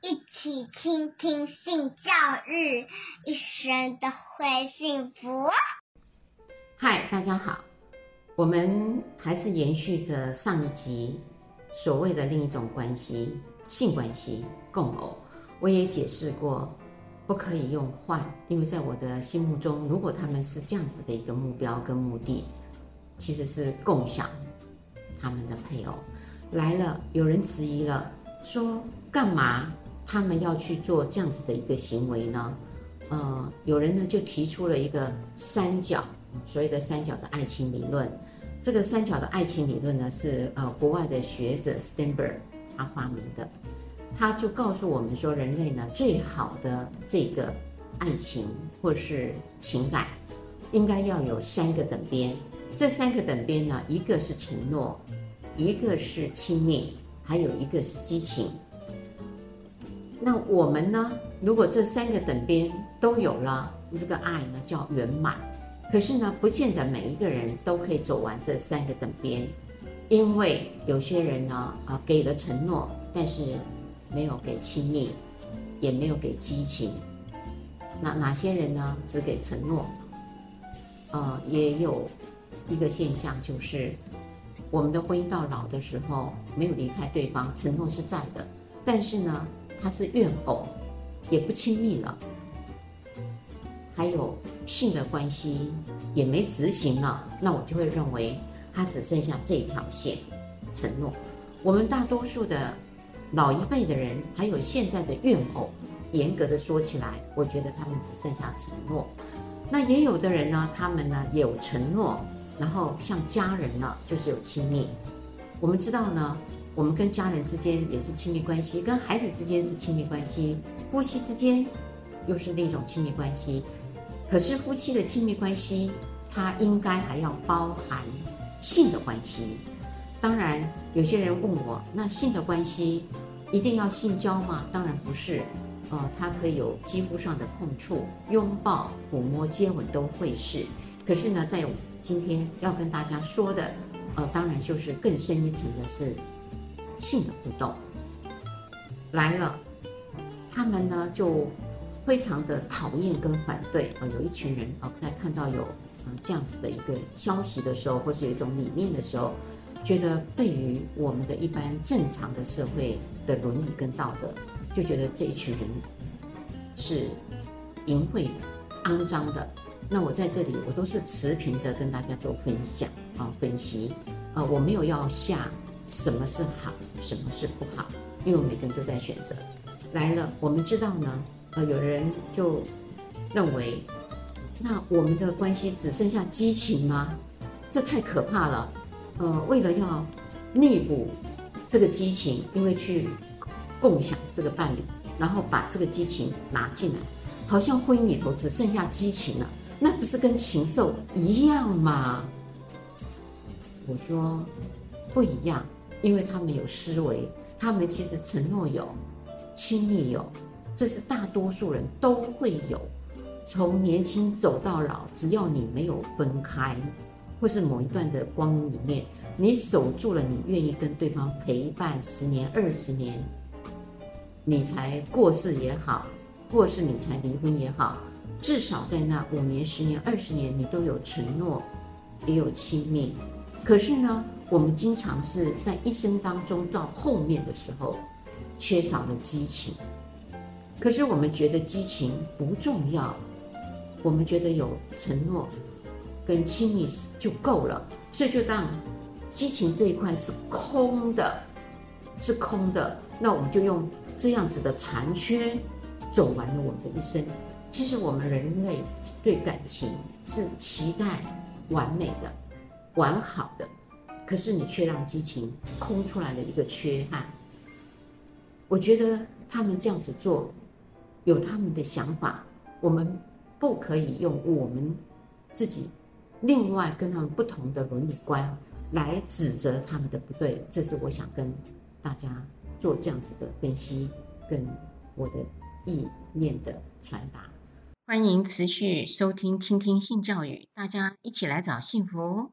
一起傾聽性教育，一生都會幸福。嗨，大家好，我們還是延續着上一集所謂的另一種關係——性關係共偶。我也解釋過，不可以用換，因為在我的心目中，如果他們是這樣子的一個目標跟目的，其實是共享他們的配偶。來了，有人質疑了，說幹嘛？他們要去做這樣子的一個行為呢，呃，有人呢就提出了一個三角，所謂的三角的愛情理論。這個三角的愛情理論呢是呃國外的學者 Sternberg 他發明的，他就告訴我們說，人類呢最好的這個愛情或是情感，應該要有三個等邊。這三個等邊呢，一個是承諾，一個是親密，還有一個是激情。那我們呢？如果這三個等邊都有了，這個愛呢叫圓滿。可是呢，不見得每一個人都可以走完這三個等邊，因為有些人呢，啊、呃，給了承諾，但是沒有給親密，也沒有給激情。那哪些人呢？只給承諾。呃，也有一個現象就是，我們的婚姻到老的時候沒有離開對方，承諾是在的，但是呢，他是怨偶，也不親密了，還有性的關係也沒執行了，那我就會認為他只剩下這一條線，承諾。我們大多數的老一輩的人，還有現在的怨偶，嚴格的說起來，我覺得他們只剩下承諾。那也有的人呢，他們呢也有承諾，然後像家人呢就是有親密。我們知道呢。我們跟家人之間也是親密關係，跟孩子之間是親密關係，夫妻之間又是那種親密關係。可是夫妻的親密關係，它應該還要包含性的關係。當然，有些人問我，那性的關係一定要性交嗎？當然不是，呃，它可以有肌膚上的碰觸、擁抱、撫摸、接吻都會是。可是呢，在今天要跟大家說的，呃，當然就是更深一層的是。性的互動來了，他們呢就非常的討厭跟反對啊，有一群人啊，在看到有啊這樣子的一個消息的時候，或是有一種理念的時候，覺得對於我們的一般正常的社會的倫理跟道德，就覺得這一群人是淫穢的、骯髒的。那我在這裡，我都是持平的跟大家做分享啊、分析啊，我沒有要下。什麼是好，什麼是不好？因為每個人都在選擇。來了，我們知道呢。呃，有人就認為，那我們的關係只剩下激情嗎？這太可怕了。呃，為了要彌補這個激情，因為去共享這個伴侶，然後把這個激情拿進來，好像婚姻裡頭只剩下激情了，那不是跟禽獸一樣嗎？我說，不一樣。因為他們有思維，他們其實承諾有，親密有，這是大多數人都會有。從年輕走到老，只要你沒有分開，或是某一段的光陰裡面，你守住了，你願意跟對方陪伴十年、二十年，你才過世也好，或是你才離婚也好，至少在那五年、十年、二十年，你都有承諾，也有親密。可是呢，我們經常是在一生當中到後面的時候，缺少了激情。可是我們覺得激情不重要，我們覺得有承諾跟親密就夠了，所以就當激情這一塊是空的，是空的。那我們就用這樣子的殘缺走完了我們的一生。其實我們人類對感情是期待完美的。完好的，可是你卻讓激情空出來了一個缺憾。我覺得他們這樣子做，有他們的想法，我們不可以用我們自己另外跟他們不同的倫理觀來指責他們的不對。這是我想跟大家做這樣子的分析，跟我的意念的傳達。歡迎持續收聽、傾聽性教育，大家一起來找幸福哦。